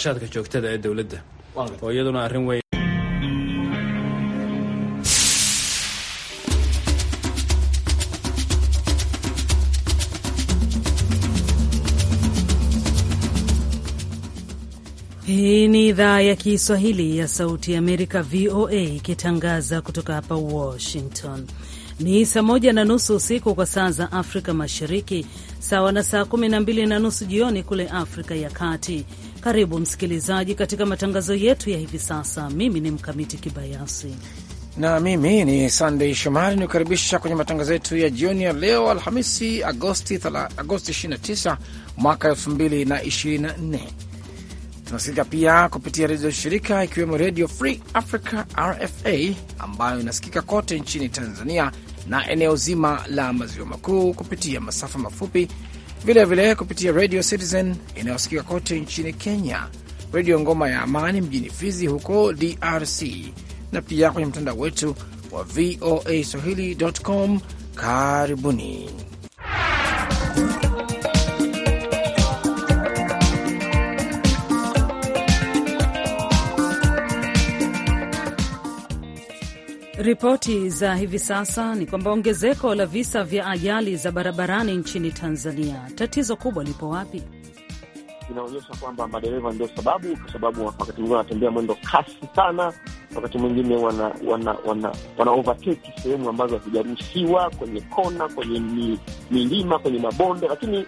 Shadka joogtada ee dowladda oo iyaduna arrin weyn. Hii ni idhaa ya Kiswahili ya Sauti ya Amerika, VOA, ikitangaza kutoka hapa Washington. Ni saa moja na nusu usiku kwa saa za Afrika Mashariki, sawa na saa kumi na mbili na nusu jioni kule Afrika ya Kati. Karibu msikilizaji katika matangazo yetu ya hivi sasa. Mimi ni Mkamiti Kibayasi na mimi ni sandey Shomari nikukaribisha kwenye matangazo yetu ya jioni ya leo Alhamisi Agosti 29 mwaka 2024. Tunasikika pia kupitia redio shirika ikiwemo Redio Free Africa RFA ambayo inasikika kote nchini Tanzania na eneo zima la maziwa makuu kupitia masafa mafupi vilevile vile, kupitia Radio Citizen inayosikika kote nchini Kenya, Redio Ngoma ya Amani mjini Fizi huko DRC, na pia kwenye mtandao wetu wa VOA Swahili.com. Karibuni. Ripoti za hivi sasa ni kwamba ongezeko la visa vya ajali za barabarani nchini Tanzania, tatizo kubwa lipo wapi? Inaonyesha kwamba madereva ndio sababu, kwa sababu wakati mwingine wanatembea mwendo kasi sana, wakati mwingine wana, wana, wana, wana overtake sehemu ambazo hazijaruhusiwa, kwenye kona, kwenye milima, kwenye mabonde. Lakini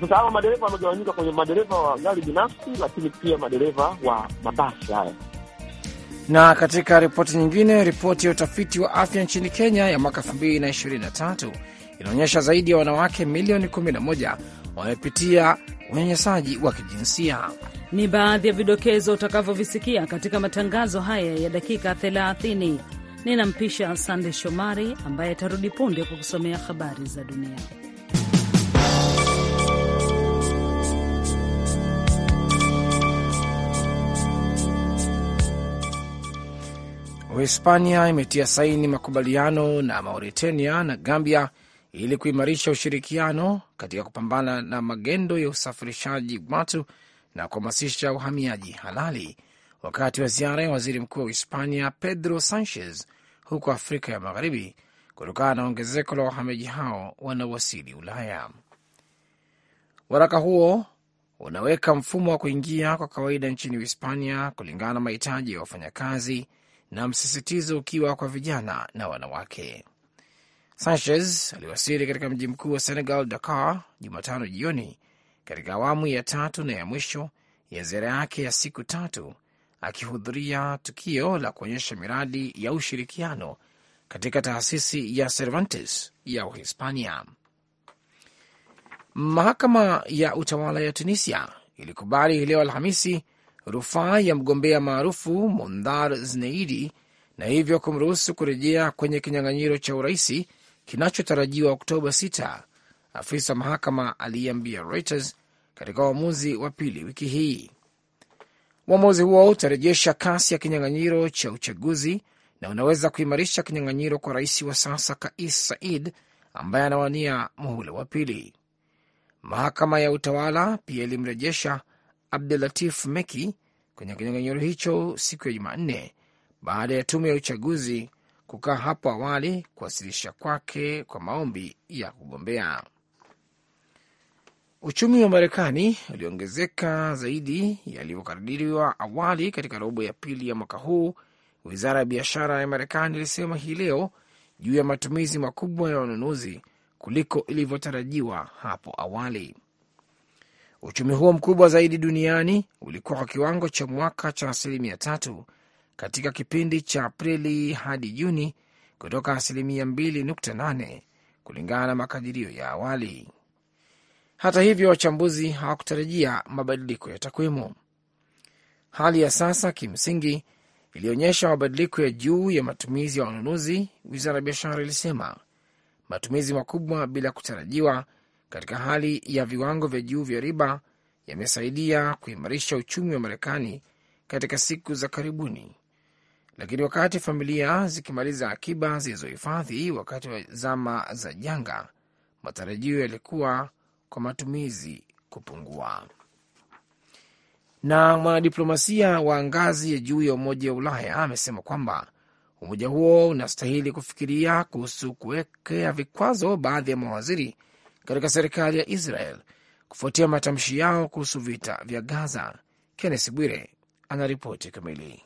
sasa hawa madereva wamegawanyika kwenye madereva wa gari binafsi, lakini pia madereva wa mabasi haya na katika ripoti nyingine, ripoti ya utafiti wa afya nchini Kenya ya mwaka 2023 inaonyesha zaidi ya wanawake milioni 11 wamepitia unyanyasaji wa kijinsia. Ni baadhi ya vidokezo utakavyovisikia katika matangazo haya ya dakika 30. Ninampisha Sande Shomari ambaye atarudi punde kwa kusomea habari za dunia. Uhispania imetia saini makubaliano na Mauritania na Gambia ili kuimarisha ushirikiano katika kupambana na magendo ya usafirishaji watu na kuhamasisha uhamiaji halali, wakati wa ziara ya waziri mkuu wa Uhispania Pedro Sanchez huko Afrika ya Magharibi kutokana na ongezeko la wahamiaji hao wanaowasili Ulaya. Waraka huo unaweka mfumo wa kuingia kwa kawaida nchini Uhispania kulingana na mahitaji ya wafanyakazi na msisitizo ukiwa kwa vijana na wanawake. Sanchez aliwasili katika mji mkuu wa Senegal, Dakar, Jumatano jioni katika awamu ya tatu na ya mwisho ya ziara yake ya siku tatu, akihudhuria tukio la kuonyesha miradi ya ushirikiano katika taasisi ya Cervantes ya Uhispania. Mahakama ya utawala ya Tunisia ilikubali leo Alhamisi rufaa ya mgombea maarufu Mondhar Zneidi na hivyo kumruhusu kurejea kwenye kinyang'anyiro cha uraisi kinachotarajiwa Oktoba 6, afisa mahakama aliyeambia Reuters katika uamuzi wa pili wiki hii. Uamuzi huo utarejesha kasi ya kinyang'anyiro cha uchaguzi na unaweza kuimarisha kinyang'anyiro kwa rais wa sasa Kais Said ambaye anawania muhula wa pili. Mahakama ya utawala pia ilimrejesha Abdulatif Meki kwenye kinyang'anyiro hicho siku ya Jumanne baada ya tume ya uchaguzi kukaa hapo awali kuwasilisha kwake kwa maombi ya kugombea. Uchumi wa Marekani uliongezeka zaidi yalivyokadiriwa awali katika robo ya pili ya mwaka huu, wizara ya biashara ya Marekani ilisema hii leo juu ya matumizi makubwa ya wanunuzi kuliko ilivyotarajiwa hapo awali. Uchumi huo mkubwa zaidi duniani ulikuwa kwa kiwango cha mwaka cha asilimia tatu katika kipindi cha Aprili hadi Juni kutoka asilimia 2.8 kulingana na makadirio ya awali. Hata hivyo, wachambuzi hawakutarajia mabadiliko ya takwimu. Hali ya sasa kimsingi ilionyesha mabadiliko ya juu ya matumizi ya wanunuzi, wizara ya biashara ilisema. Matumizi makubwa bila kutarajiwa katika hali ya viwango vya juu vya riba yamesaidia kuimarisha uchumi wa Marekani katika siku za karibuni. Lakini wakati familia zikimaliza akiba zilizohifadhi wakati wa zama za janga, matarajio yalikuwa kwa matumizi kupungua. Na mwanadiplomasia wa ngazi ya juu ya Umoja wa Ulaya amesema kwamba umoja huo unastahili kufikiria kuhusu kuwekea vikwazo baadhi ya mawaziri katika serikali ya Israel kufuatia matamshi yao kuhusu vita vya Gaza. Kennes Bwire anaripoti kamili.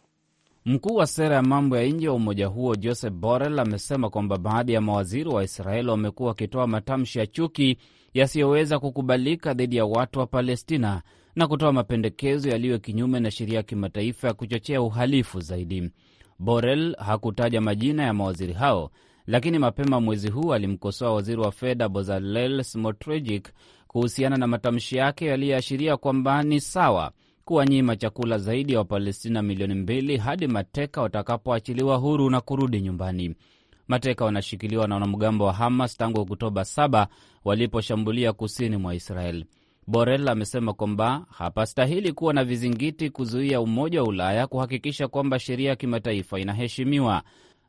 Mkuu wa sera ya mambo ya nje wa umoja huo Joseph Borrell amesema kwamba baadhi ya mawaziri wa Israeli wamekuwa wakitoa matamshi ya chuki yasiyoweza kukubalika dhidi ya watu wa Palestina na kutoa mapendekezo yaliyo kinyume na sheria ya kimataifa ya kuchochea uhalifu zaidi. Borrell hakutaja majina ya mawaziri hao lakini mapema mwezi huu alimkosoa waziri wa fedha Bozalel Smotrich kuhusiana na matamshi yake yaliyoashiria kwamba ni sawa kuwanyima chakula zaidi ya wa Wapalestina milioni mbili hadi mateka watakapoachiliwa huru na kurudi nyumbani. Mateka wanashikiliwa na wanamgambo wa Hamas tangu Oktoba 7 waliposhambulia kusini mwa Israel. Borel amesema kwamba hapastahili kuwa na vizingiti kuzuia Umoja wa Ulaya kuhakikisha kwamba sheria ya kimataifa inaheshimiwa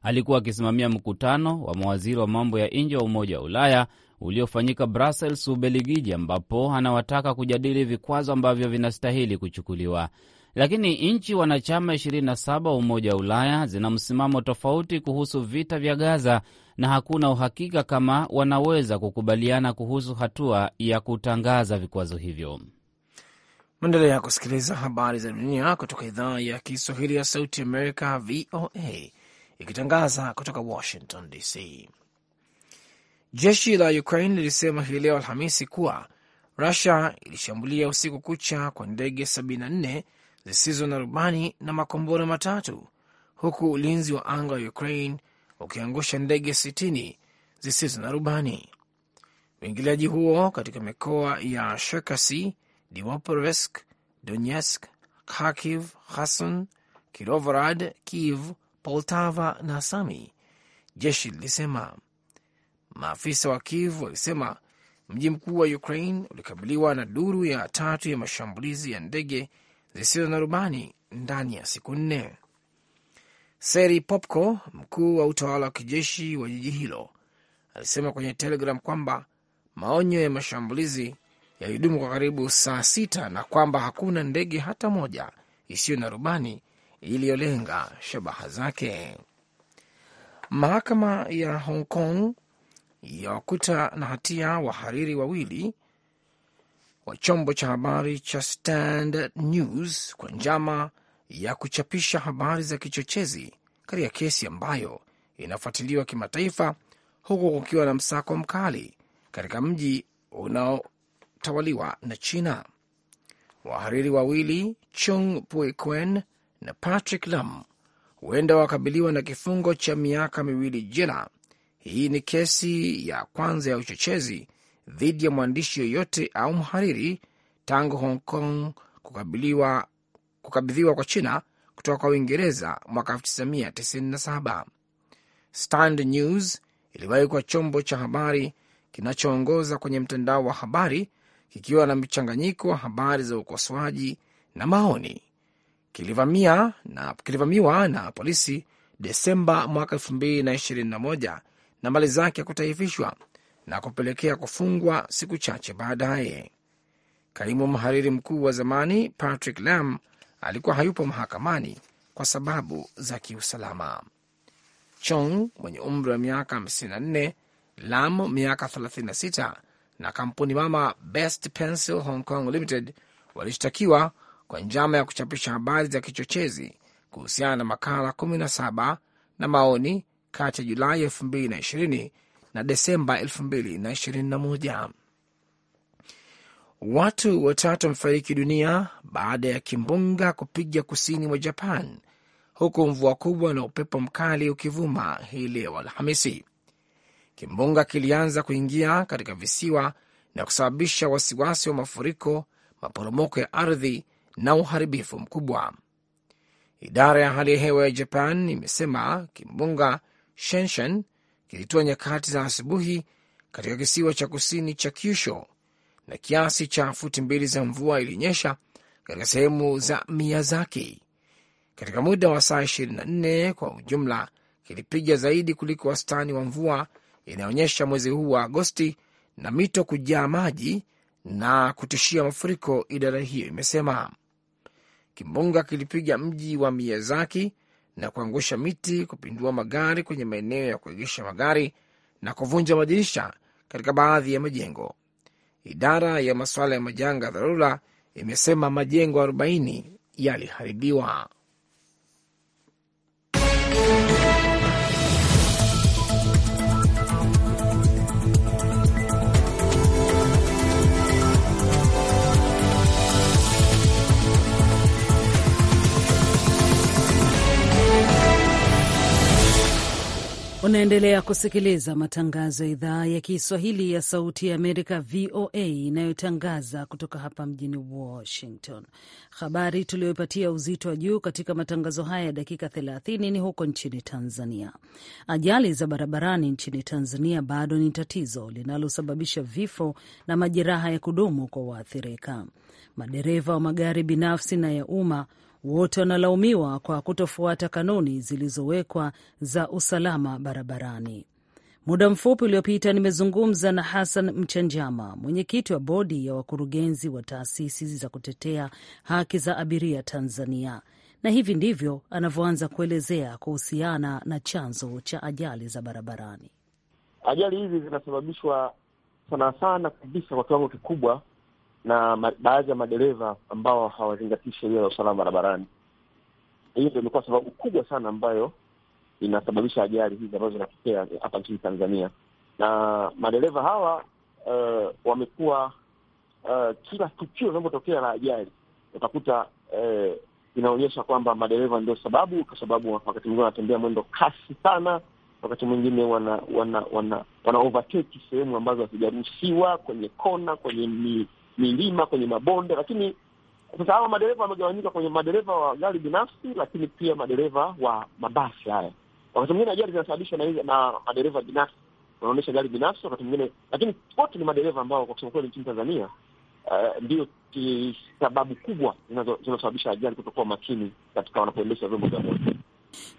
alikuwa akisimamia mkutano wa mawaziri wa mambo ya nje wa Umoja wa Ulaya uliofanyika Brussels, Ubeligiji, ambapo anawataka kujadili vikwazo ambavyo vinastahili kuchukuliwa. Lakini nchi wanachama 27 wa Umoja wa Ulaya zina msimamo tofauti kuhusu vita vya Gaza na hakuna uhakika kama wanaweza kukubaliana kuhusu hatua ya kutangaza vikwazo hivyo. ya kusikiliza habari za dunia kutoka idhaa ya Kiswahili ya Sauti Amerika, VOA ikitangaza kutoka Washington DC. Jeshi la Ukraine lilisema hii leo Alhamisi kuwa Rusia ilishambulia usiku kucha kwa ndege 74 zisizo na rubani na makombora matatu, huku ulinzi wa anga wa Ukraine ukiangusha ndege 60 zisizo na rubani. Uingiliaji huo katika mikoa ya Cherkasy, Dnipropetrovsk, Donetsk, Kharkiv, Kherson, Kirovorad, Kiev Poltava na Sami, jeshi lilisema. Maafisa wa Kiev walisema mji mkuu wa Ukraine ulikabiliwa na duru ya tatu ya mashambulizi ya ndege zisizo na rubani ndani ya siku nne. Seri Popko, mkuu wa utawala wa kijeshi wa jiji hilo, alisema kwenye Telegram kwamba maonyo ya mashambulizi yalidumu kwa karibu saa sita na kwamba hakuna ndege hata moja isiyo na rubani iliyolenga shabaha zake. Mahakama ya Hong Kong yawakuta na hatia wahariri wawili wa chombo cha habari cha Standard News kwa njama ya kuchapisha habari za kichochezi katika kesi ambayo inafuatiliwa kimataifa huku kukiwa na msako mkali katika mji unaotawaliwa na China. Wahariri wawili Chung Pui na Patrick Lam huenda wakabiliwa na kifungo cha miaka miwili jela. Hii ni kesi ya kwanza ya uchochezi dhidi ya mwandishi yoyote au mhariri tangu Hong Kong kukabiliwa, kukabidhiwa kwa China kutoka kwa Uingereza mwaka 1997. Stand News iliwahi kuwa chombo cha habari kinachoongoza kwenye mtandao wa habari kikiwa na mchanganyiko wa habari za ukosoaji na maoni kilivamia na, kilivamiwa na polisi Desemba mwaka 2021 na mali zake kutaifishwa na kupelekea kufungwa siku chache baadaye. Kaimu mhariri mkuu wa zamani Patrick Lam alikuwa hayupo mahakamani kwa sababu za kiusalama. Chong mwenye umri wa miaka 54, Lam miaka 36 na kampuni mama Best Pencil Hong Kong Limited walishtakiwa kwa njama ya kuchapisha habari za kichochezi kuhusiana na makala 17 na maoni kati ya Julai 2020 na Desemba 2021. Watu watatu wamefariki dunia baada ya kimbunga kupiga kusini mwa Japan, huku mvua kubwa na upepo mkali ukivuma hii leo Alhamisi. Kimbunga kilianza kuingia katika visiwa na kusababisha wasiwasi wa mafuriko, maporomoko ya ardhi na uharibifu mkubwa. Idara ya hali ya hewa ya Japan imesema kimbunga Shenshen kilitua nyakati za asubuhi katika kisiwa cha kusini cha Kyushu na kiasi cha futi mbili za mvua ilinyesha katika sehemu za Miyazaki katika muda wa saa 24. Kwa ujumla kilipiga zaidi kuliko wastani wa mvua inayoonyesha mwezi huu wa Agosti na mito kujaa maji na kutishia mafuriko, idara hiyo imesema. Kimbunga kilipiga mji wa Miyazaki na kuangusha miti, kupindua magari kwenye maeneo ya kuegesha magari na kuvunja madirisha katika baadhi ya majengo. Idara ya masuala ya majanga dharura imesema majengo 40 yaliharibiwa. Unaendelea kusikiliza matangazo ya idhaa ya Kiswahili ya Sauti ya Amerika, VOA, inayotangaza kutoka hapa mjini Washington. Habari tuliyoipatia uzito wa juu katika matangazo haya ya dakika 30 ni huko nchini Tanzania. Ajali za barabarani nchini Tanzania bado ni tatizo linalosababisha vifo na majeraha ya kudumu kwa waathirika. Madereva wa magari binafsi na ya umma wote wanalaumiwa kwa kutofuata kanuni zilizowekwa za usalama barabarani. Muda mfupi uliopita nimezungumza na Hassan Mchanjama, mwenyekiti wa bodi ya wakurugenzi wa taasisi za kutetea haki za abiria Tanzania, na hivi ndivyo anavyoanza kuelezea kuhusiana na chanzo cha ajali za barabarani. Ajali hizi zinasababishwa sana sana kabisa kwa kiwango kikubwa na baadhi ya madereva ambao hawazingatii sheria za usalama barabarani. Hiyo ndio imekuwa sababu kubwa sana ambayo inasababisha ajali hizi ambazo zinatokea hapa nchini Tanzania, na madereva hawa uh, wamekuwa uh, kila tukio linavyotokea la ajali utakuta uh, inaonyesha kwamba madereva ndio sababu, kwa sababu wakati mwingine wanatembea mwendo kasi sana, wakati mwingine wana wana wana, wana overtake sehemu ambazo hazijaruhusiwa, kwenye kona, kwenye milima, kwenye mabonde. Lakini sasa hawa madereva wamegawanyika kwenye madereva wa gari binafsi, lakini pia madereva wa mabasi haya. Wakati mwingine ajali zinasababishwa na, na madereva binafsi, wanaonyesha gari binafsi wakati mwingine, lakini wote ni madereva ambao kwa kusema kweli nchini Tanzania Uh, ndio sababu kubwa zinazosababisha ajali kutokuwa makini katika wanapoendesha vyombo vya moto.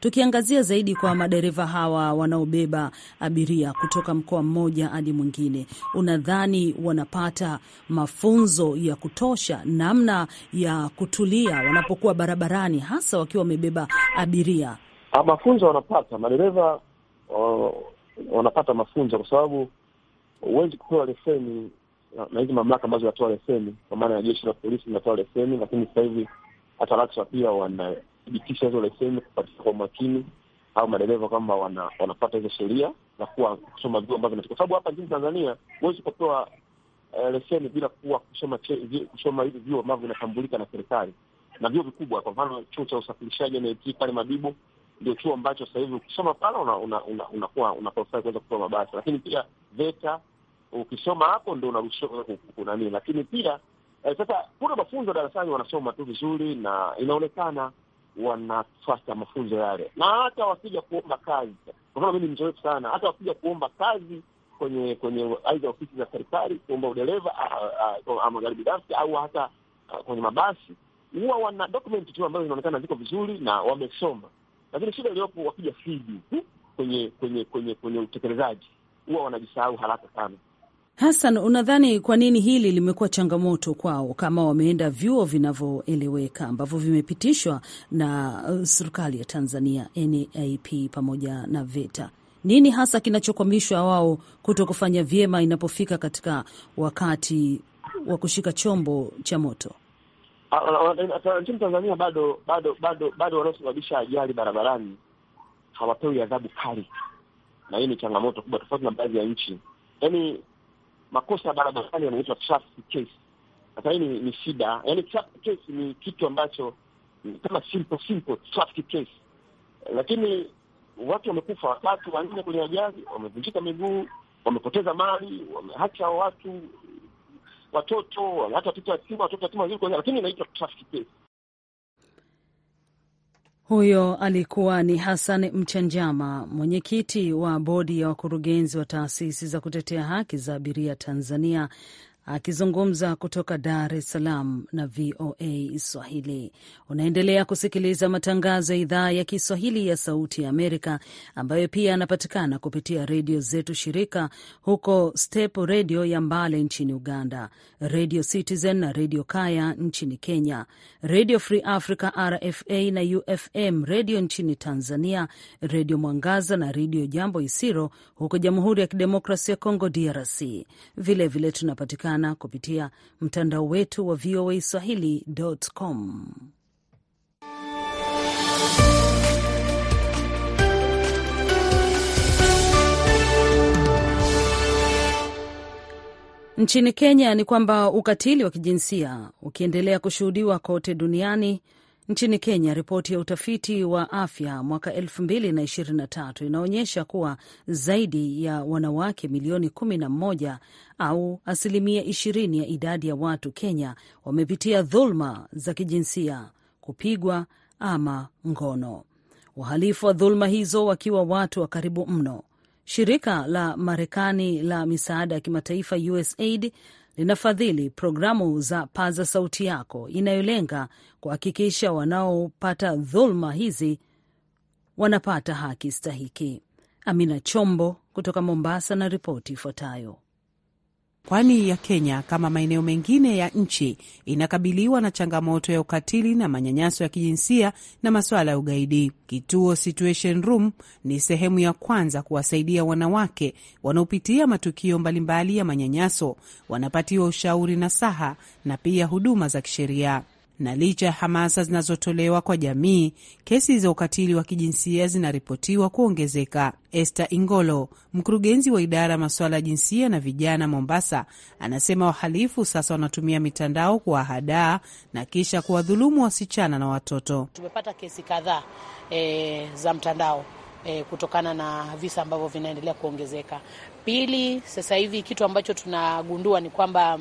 Tukiangazia zaidi kwa madereva hawa wanaobeba abiria kutoka mkoa mmoja hadi mwingine, unadhani wanapata mafunzo ya kutosha namna ya kutulia wanapokuwa barabarani, hasa wakiwa wamebeba abiria? Ha, ah, mafunzo wanapata madereva o, wanapata mafunzo kwa sababu huwezi kupewa leseni na hizi mamlaka ambazo zinatoa leseni, kwa maana ya jeshi la polisi linatoa leseni, lakini sasa hivi hata raksa pia wana kuthibitisha hizo leseni kupatika kwa umakini, au madereva kwamba wana, wanapata hizo sheria na kuwa kusoma vyuo ambavyo, kwa sababu hapa nchini Tanzania huwezi kupewa uh, eh, leseni bila kuwa kusoma kusoma hivi vyuo ambavyo vinatambulika na serikali na vyuo vikubwa. Kwa mfano chuo cha usafirishaji NIT pale Mabibo ndio chuo ambacho sasa hivi ukisoma pale unakuwa una, una, una, una kuweza kutoa mabasi, lakini pia VETA ukisoma hapo ndo unaruhusiwa kunanii. Lakini pia eh, sasa kuna mafunzo darasani wanasoma tu vizuri na inaonekana wanafata mafunzo yale, na hata wakija kuomba kazi. Kwa mfano, mimi ni mzoefu sana, hata wakija kuomba kazi kwenye kwenye aidha ofisi za serikali kuomba udereva magari binafsi au hata a, kwenye mabasi huwa wana dokumenti tu ambazo zinaonekana ziko vizuri na wamesoma, lakini shida iliyopo wakija siji kwenye kwenye kwenye kwenye utekelezaji huwa wanajisahau haraka sana. Hassan, unadhani kwa nini hili limekuwa changamoto kwao kama wameenda vyuo vinavyoeleweka ambavyo vimepitishwa na uh, serikali ya Tanzania, NAP pamoja na VETA? Nini hasa kinachokwamishwa wao kuto kufanya vyema inapofika katika wakati wa kushika chombo cha moto? Ah, ah, ah, eh, nchini Tanzania bado bado bado bado wanaosababisha ajali barabarani hawapewi adhabu kali, na hii ni changamoto kubwa, tofauti na baadhi ya nchi. Yaani makosa ya barabarani yanaitwa traffic case. Sasa hii ni, ni shida, yaani traffic case ni kitu ambacho kama simple simple traffic case, lakini watu wamekufa watatu wanne kwenye ajali, wamevunjika miguu, wamepoteza mali, wameacha watu watoto, hata watoto yatima, watoto wazuri, lakini inaitwa traffic case. Huyo alikuwa ni Hassan Mchanjama, mwenyekiti wa bodi ya wakurugenzi wa taasisi za kutetea haki za abiria Tanzania, akizungumza kutoka Dar es Salaam na VOA Swahili. Unaendelea kusikiliza matangazo ya idhaa ya Kiswahili ya Sauti ya Amerika, ambayo pia yanapatikana kupitia redio zetu shirika huko, Step Redio ya Mbale nchini Uganda, Redio Citizen na Redio Kaya nchini Kenya, Redio Free Africa RFA na UFM Redio nchini Tanzania, Redio Mwangaza na Redio Jambo Isiro huko Jamhuri ya Kidemokrasia ya Kongo DRC. Vilevile tunapatikana sana kupitia mtandao wetu wa VOA Swahili.com. Nchini Kenya ni kwamba ukatili wa kijinsia ukiendelea kushuhudiwa kote duniani Nchini Kenya, ripoti ya utafiti wa afya mwaka 2023 inaonyesha kuwa zaidi ya wanawake milioni 11 au asilimia 20 ya idadi ya watu Kenya wamepitia dhuluma za kijinsia, kupigwa ama ngono, wahalifu wa dhuluma hizo wakiwa watu wa karibu mno. Shirika la Marekani la misaada ya kimataifa USAID linafadhili programu za Paza Sauti Yako inayolenga kuhakikisha wanaopata dhuluma hizi wanapata haki stahiki. Amina Chombo kutoka Mombasa na ripoti ifuatayo. Pwani ya Kenya kama maeneo mengine ya nchi inakabiliwa na changamoto ya ukatili na manyanyaso ya kijinsia na masuala ya ugaidi. Kituo Situation Room ni sehemu ya kwanza kuwasaidia wanawake wanaopitia matukio mbalimbali ya manyanyaso. Wanapatiwa ushauri na saha na pia huduma za kisheria na licha ya hamasa zinazotolewa kwa jamii, kesi za ukatili wa kijinsia zinaripotiwa kuongezeka. Esther Ingolo, mkurugenzi wa idara ya masuala ya jinsia na vijana Mombasa, anasema wahalifu sasa wanatumia mitandao kuwahadaa na kisha kuwadhulumu wasichana na watoto. Tumepata kesi kadhaa e, za mtandao e, kutokana na visa ambavyo vinaendelea kuongezeka. Pili, sasa hivi kitu ambacho tunagundua ni kwamba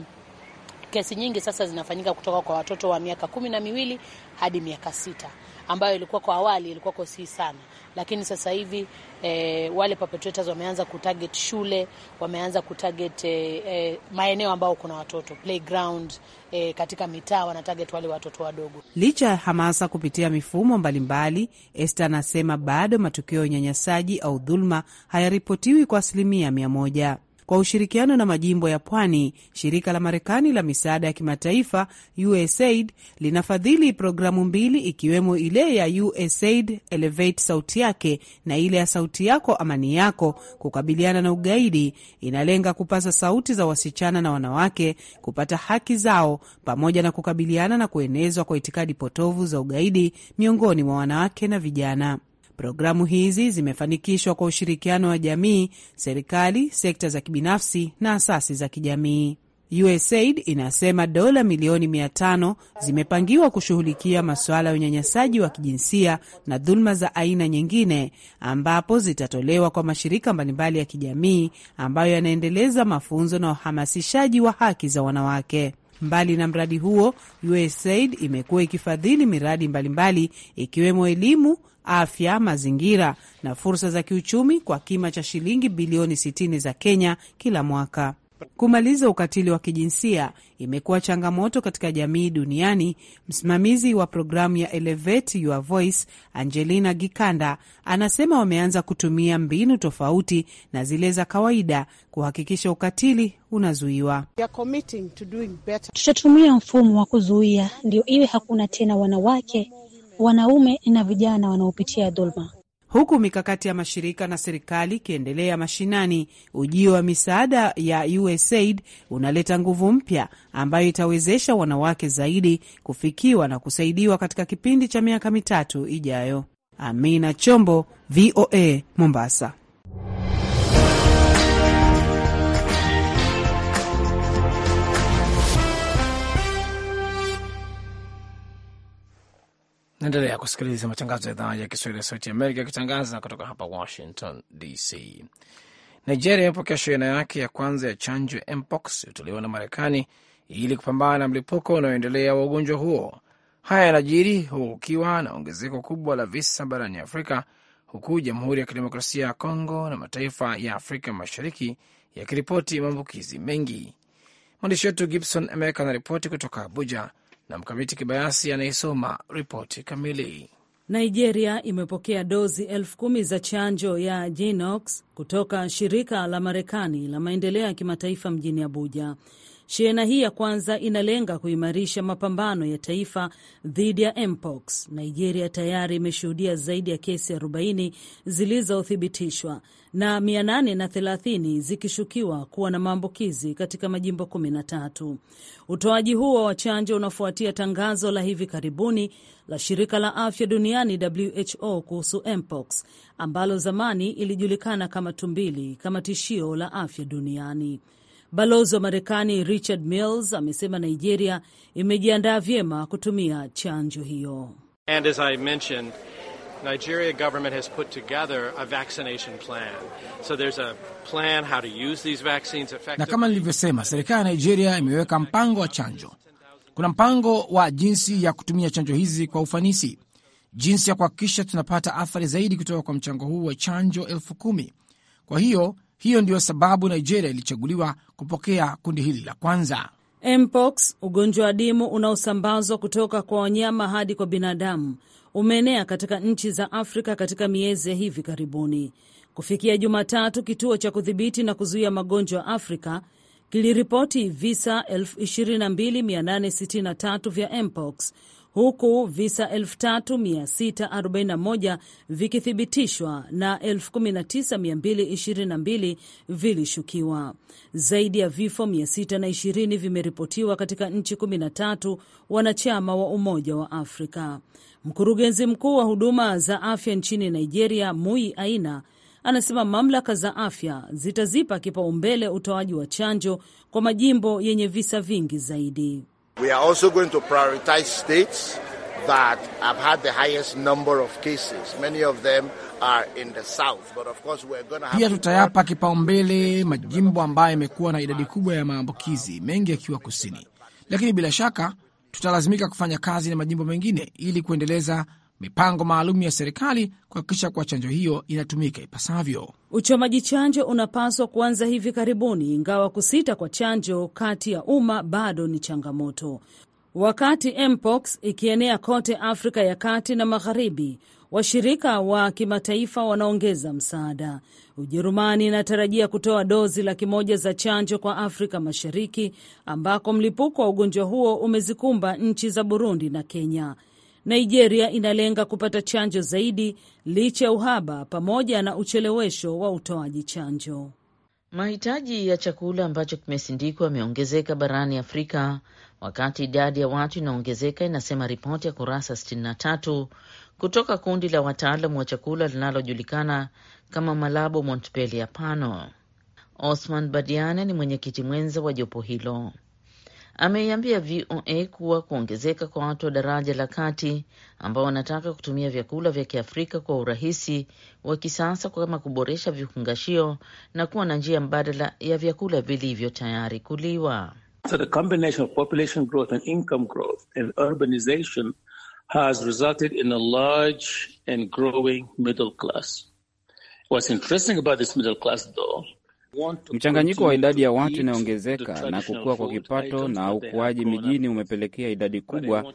kesi nyingi sasa zinafanyika kutoka kwa watoto wa miaka kumi na miwili hadi miaka sita ambayo ilikuwa kwa awali ilikuwa kwa si sana, lakini sasa hivi e, wale perpetrators wameanza kutarget shule, wameanza kutarget e, e, maeneo ambao kuna watoto playground, e, katika mitaa wanatarget wale watoto wadogo. Licha ya hamasa kupitia mifumo mbalimbali, Esther anasema bado matukio ya unyanyasaji au dhuluma hayaripotiwi kwa asilimia mia moja kwa ushirikiano na majimbo ya pwani. Shirika la Marekani la misaada ya kimataifa USAID linafadhili programu mbili ikiwemo ile ya USAID Elevate sauti yake na ile ya sauti yako amani yako kukabiliana na ugaidi. Inalenga kupaza sauti za wasichana na wanawake kupata haki zao pamoja na kukabiliana na kuenezwa kwa itikadi potovu za ugaidi miongoni mwa wanawake na vijana. Programu hizi zimefanikishwa kwa ushirikiano wa jamii, serikali, sekta za kibinafsi na asasi za kijamii. USAID inasema dola milioni mia tano zimepangiwa kushughulikia masuala ya unyanyasaji wa kijinsia na dhuluma za aina nyingine, ambapo zitatolewa kwa mashirika mbalimbali ya kijamii ambayo yanaendeleza mafunzo na uhamasishaji wa haki za wanawake. Mbali na mradi huo, USAID imekuwa ikifadhili miradi mbalimbali ikiwemo elimu, afya, mazingira na fursa za kiuchumi kwa kima cha shilingi bilioni 60 za Kenya kila mwaka. Kumaliza ukatili wa kijinsia imekuwa changamoto katika jamii duniani. Msimamizi wa programu ya Elevate Your Voice, Angelina Gikanda, anasema wameanza kutumia mbinu tofauti na zile za kawaida kuhakikisha ukatili unazuiwa. Tutatumia mfumo wa kuzuia, ndio iwe hakuna tena wanawake, wanaume na vijana wanaopitia dhuluma huku mikakati ya mashirika na serikali ikiendelea mashinani, ujio wa misaada ya USAID unaleta nguvu mpya ambayo itawezesha wanawake zaidi kufikiwa na kusaidiwa katika kipindi cha miaka mitatu ijayo. Amina Chombo, VOA, Mombasa. Naendelea kusikiliza matangazo ya idhaa ya Kiswahili ya Sauti Amerika yakitangaza kutoka hapa Washington DC. Nigeria imepokea shehena yake ya kwanza ya chanjo ya mpox iliyotolewa na Marekani ili kupambana na mlipuko unaoendelea wa ugonjwa huo. Haya yanajiri huku kukiwa na ongezeko kubwa la visa barani Afrika, huku Jamhuri ya Kidemokrasia ya Kongo na mataifa ya Afrika Mashariki yakiripoti maambukizi mengi. Mwandishi wetu Gibson ameweka na ripoti kutoka Abuja na Mkamiti Kibayasi anayesoma ripoti kamili. Nigeria imepokea dozi elfu kumi za chanjo ya Jinox kutoka shirika la Marekani la maendeleo ya kimataifa mjini Abuja. Shehena hii ya kwanza inalenga kuimarisha mapambano ya taifa dhidi ya mpox. Nigeria tayari imeshuhudia zaidi ya kesi 40 zilizothibitishwa na 830 zikishukiwa kuwa na maambukizi katika majimbo 13. Utoaji huo wa chanjo unafuatia tangazo la hivi karibuni la shirika la afya duniani WHO kuhusu mpox ambalo zamani ilijulikana kama tumbili kama tishio la afya duniani. Balozi wa Marekani Richard Mills amesema Nigeria imejiandaa vyema kutumia chanjo hiyo. And as I mentioned, Nigeria government has put together a vaccination plan. So there's a plan how to use these vaccines effectively. Na kama nilivyosema, serikali ya Nigeria imeweka mpango wa chanjo. Kuna mpango wa jinsi ya kutumia chanjo hizi kwa ufanisi, jinsi ya kuhakikisha tunapata athari zaidi kutoka kwa mchango huu wa chanjo elfu kumi. Kwa hiyo hiyo ndiyo sababu Nigeria ilichaguliwa kupokea kundi hili la kwanza. Mpox, ugonjwa wa dimu unaosambazwa kutoka kwa wanyama hadi kwa binadamu, umeenea katika nchi za Afrika katika miezi ya hivi karibuni. Kufikia Jumatatu, kituo cha kudhibiti na kuzuia magonjwa Afrika kiliripoti visa 22863 vya mpox huku visa 3641 vikithibitishwa na 19222 vilishukiwa. Zaidi ya vifo 620 vimeripotiwa katika nchi 13 wanachama wa Umoja wa Afrika. Mkurugenzi mkuu wa huduma za afya nchini Nigeria, Mui Aina, anasema mamlaka za afya zitazipa kipaumbele utoaji wa chanjo kwa majimbo yenye visa vingi zaidi. We are also going to prioritize states that have had the highest number of cases. Many of them are in the south, but of course we're going to have. Pia tutayapa kipaumbele majimbo ambayo yamekuwa na idadi kubwa ya maambukizi, mengi yakiwa kusini, lakini bila shaka tutalazimika kufanya kazi na majimbo mengine ili kuendeleza mipango maalum ya serikali kuhakikisha kuwa chanjo hiyo inatumika ipasavyo. Uchomaji chanjo unapaswa kuanza hivi karibuni, ingawa kusita kwa chanjo kati ya umma bado ni changamoto. Wakati mpox ikienea kote Afrika ya kati na magharibi, washirika wa kimataifa wanaongeza msaada. Ujerumani inatarajia kutoa dozi laki moja za chanjo kwa Afrika Mashariki, ambako mlipuko wa ugonjwa huo umezikumba nchi za Burundi na Kenya. Nigeria inalenga kupata chanjo zaidi licha ya uhaba pamoja na uchelewesho wa utoaji chanjo. Mahitaji ya chakula ambacho kimesindikwa yameongezeka barani Afrika wakati idadi ya watu inaongezeka, inasema ripoti ya kurasa 63 kutoka kundi la wataalamu wa chakula linalojulikana kama Malabo Montpelier Panel. Osman Badiane ni mwenyekiti mwenza wa jopo hilo ameiambia VOA kuwa kuongezeka kwa watu wa daraja la kati ambao wanataka kutumia vyakula vya Kiafrika kwa urahisi wa kisasa kama kuboresha vifungashio na kuwa na njia mbadala ya vyakula vilivyo tayari kuliwa. So the combination of population growth and income growth and urbanization has resulted in a large and growing middle class. What's interesting about this middle class though Mchanganyiko wa idadi ya watu inayoongezeka na kukua kwa kipato na ukuaji mijini umepelekea idadi kubwa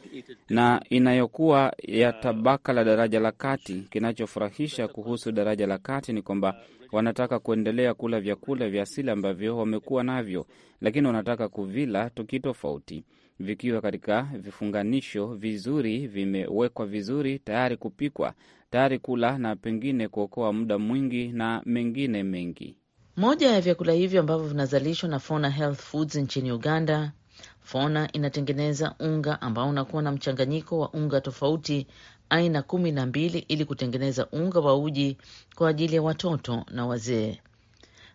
na inayokuwa ya uh, tabaka la daraja la kati. Kinachofurahisha kuhusu daraja la kati ni kwamba uh, wanataka kuendelea kula vyakula vya asili ambavyo wamekuwa navyo, lakini wanataka kuvila tukitofauti vikiwa katika vifunganisho vizuri, vimewekwa vizuri, tayari kupikwa, tayari kula, na pengine kuokoa muda mwingi na mengine mengi. Moja ya vyakula hivyo ambavyo vinazalishwa na Fona Health Foods nchini Uganda. Fona inatengeneza unga ambao unakuwa na mchanganyiko wa unga tofauti aina kumi na mbili ili kutengeneza unga wa uji kwa ajili ya watoto na wazee.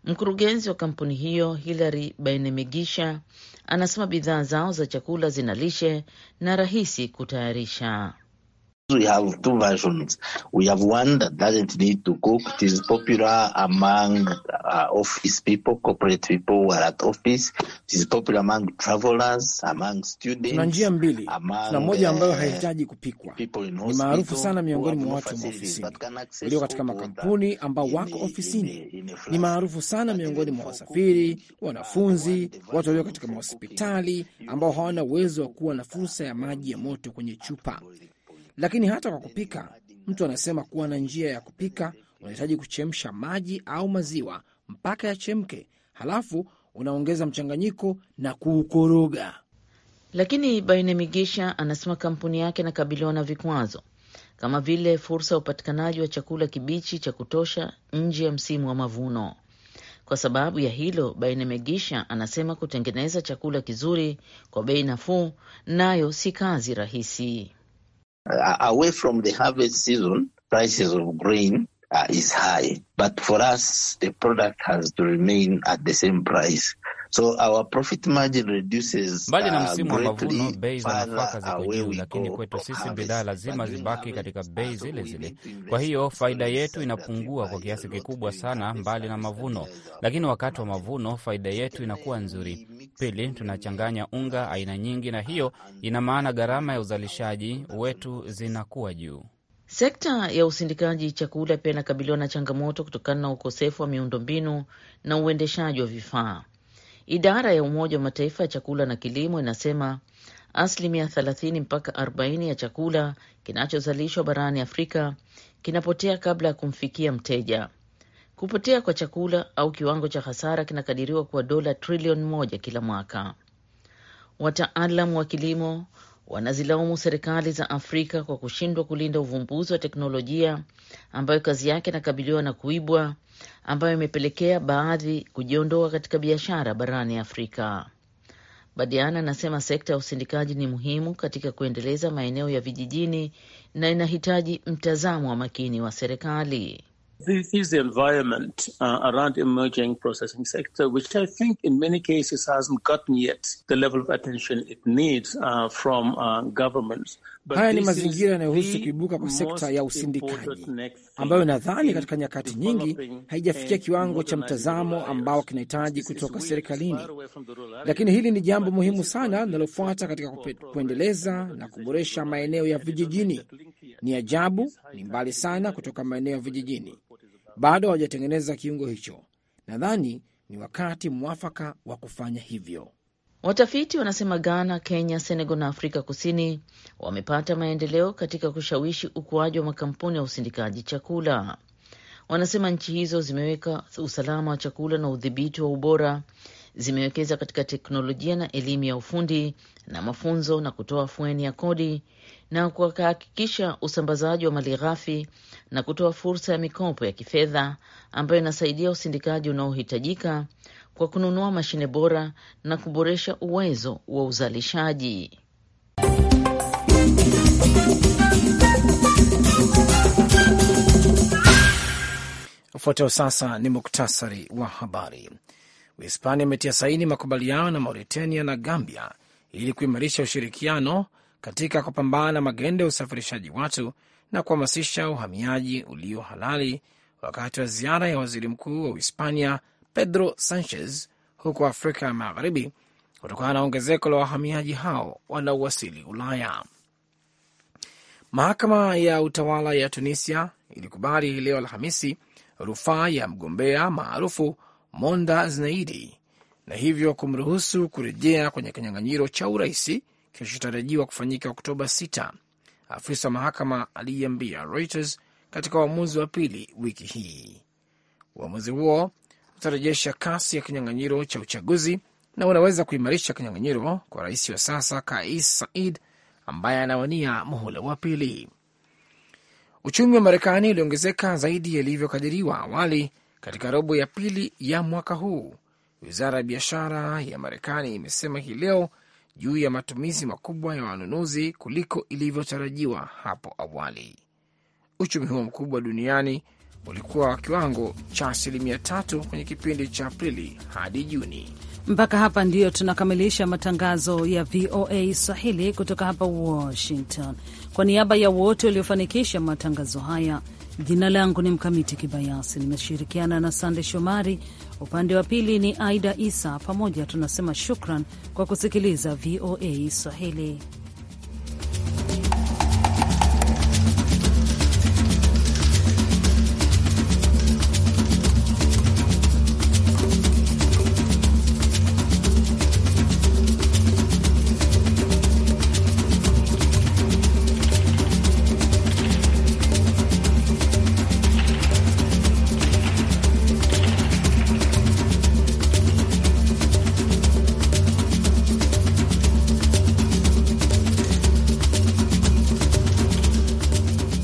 Mkurugenzi wa kampuni hiyo Hilary Bainemigisha anasema bidhaa zao za chakula zina lishe na rahisi kutayarisha. We have two versions. We have one that doesn't need to cook. It is popular among uh, office people, corporate people who are at office. It is popular among travelers, among students. Kuna njia mbili. Kuna moja ambayo eh, haihitaji kupikwa, ni maarufu sana miongoni mwa watu wa ofisini walio katika makampuni ambao wako ofisini, ni maarufu sana miongoni mwa wasafiri, uh, wanafunzi, watu walio katika mahospitali ambao hawana uwezo wa kuwa na fursa ya maji ya moto kwenye chupa lakini hata kwa kupika, mtu anasema kuwa na njia ya kupika, unahitaji kuchemsha maji au maziwa mpaka yachemke, halafu unaongeza mchanganyiko na kuukoroga. Lakini baine Migisha anasema kampuni yake inakabiliwa na vikwazo kama vile fursa ya upatikanaji wa chakula kibichi cha kutosha nje ya msimu wa mavuno. Kwa sababu ya hilo, baine Megisha anasema kutengeneza chakula kizuri kwa bei nafuu nayo si kazi rahisi. uh, away from the harvest season, prices of grain uh, is high. But for us, the product has to remain at the same price. So our profit margin reduces. Mbali na uh, msimu wa mavuno, bei za nafaka ziko juu, lakini kwetu sisi bidhaa lazima zibaki katika uh, bei zile zile. Kwa hiyo faida yetu inapungua kwa kiasi kikubwa sana, mbali na mavuno. Lakini wakati wa mavuno faida yetu inakuwa nzuri. Pili, tunachanganya unga uh, aina nyingi, na hiyo ina maana gharama ya uzalishaji wetu zinakuwa juu. Sekta ya usindikaji chakula pia inakabiliwa na changamoto kutokana na ukosefu wa miundombinu na uendeshaji wa vifaa. Idara ya Umoja wa Mataifa ya chakula na kilimo inasema asilimia 30 mpaka 40 ya chakula kinachozalishwa barani Afrika kinapotea kabla ya kumfikia mteja. Kupotea kwa chakula au kiwango cha hasara kinakadiriwa kuwa dola trilioni moja kila mwaka. Wataalamu wa kilimo wanazilaumu serikali za Afrika kwa kushindwa kulinda uvumbuzi wa teknolojia ambayo kazi yake inakabiliwa na kuibwa, ambayo imepelekea baadhi kujiondoa katika biashara barani Afrika. Badiana anasema sekta ya usindikaji ni muhimu katika kuendeleza maeneo ya vijijini na inahitaji mtazamo wa makini wa serikali. This is the environment uh, around emerging processing sector, which I think in many cases hasn't gotten yet the level of attention it needs uh, from uh, governments. But haya ni mazingira yanayohusu kuibuka kwa sekta ya usindikaji ambayo nadhani katika nyakati nyingi haijafikia kiwango cha mtazamo ambao kinahitaji kutoka serikalini, lakini hili ni jambo muhimu sana linalofuata katika kuendeleza na kuboresha maeneo ya vijijini. Ni ajabu, ni mbali sana kutoka maeneo ya vijijini bado hawajatengeneza kiungo hicho. Nadhani ni wakati mwafaka wa kufanya hivyo. Watafiti wanasema Ghana, Kenya, Senegal na Afrika Kusini wamepata maendeleo katika kushawishi ukuaji wa makampuni ya usindikaji chakula. Wanasema nchi hizo zimeweka usalama wa chakula na udhibiti wa ubora zimewekeza katika teknolojia na elimu ya ufundi na mafunzo na kutoa fueni ya kodi na kuhakikisha usambazaji wa mali ghafi na kutoa fursa ya mikopo ya kifedha ambayo inasaidia usindikaji unaohitajika kwa kununua mashine bora na kuboresha uwezo wa uzalishaji. Ufuatao sasa ni muktasari wa habari. Uhispania imetia saini makubaliano na Mauritania na Gambia ili kuimarisha ushirikiano katika kupambana na magendo ya usafirishaji watu na kuhamasisha uhamiaji ulio halali wakati wa ziara ya waziri mkuu wa Uhispania Pedro Sanchez huko Afrika ya Magharibi kutokana na ongezeko la wahamiaji hao wanaowasili Ulaya. Mahakama ya utawala ya Tunisia ilikubali hii leo Alhamisi rufaa ya mgombea maarufu Monda Zneidi na hivyo kumruhusu kurejea kwenye kinyang'anyiro cha uraisi kinachotarajiwa kufanyika Oktoba 6, afisa wa mahakama aliyeambia Reuters katika uamuzi wa pili wiki hii. Uamuzi huo utarejesha kasi ya kinyang'anyiro cha uchaguzi na unaweza kuimarisha kinyang'anyiro kwa rais wa sasa Kais Said ambaye anawania muhula wa pili. Uchumi wa Marekani uliongezeka zaidi yalivyokadiriwa awali katika robo ya pili ya mwaka huu, wizara ya biashara ya Marekani imesema hii leo juu ya matumizi makubwa ya wanunuzi kuliko ilivyotarajiwa hapo awali. Uchumi huo mkubwa duniani ulikuwa wa kiwango cha asilimia tatu kwenye kipindi cha Aprili hadi Juni. Mpaka hapa ndiyo tunakamilisha matangazo ya VOA Swahili kutoka hapa Washington. Kwa niaba ya wote waliofanikisha matangazo haya Jina langu ni Mkamiti Kibayasi, nimeshirikiana na Sande Shomari. Upande wa pili ni Aida Isa. Pamoja tunasema shukran kwa kusikiliza VOA Swahili.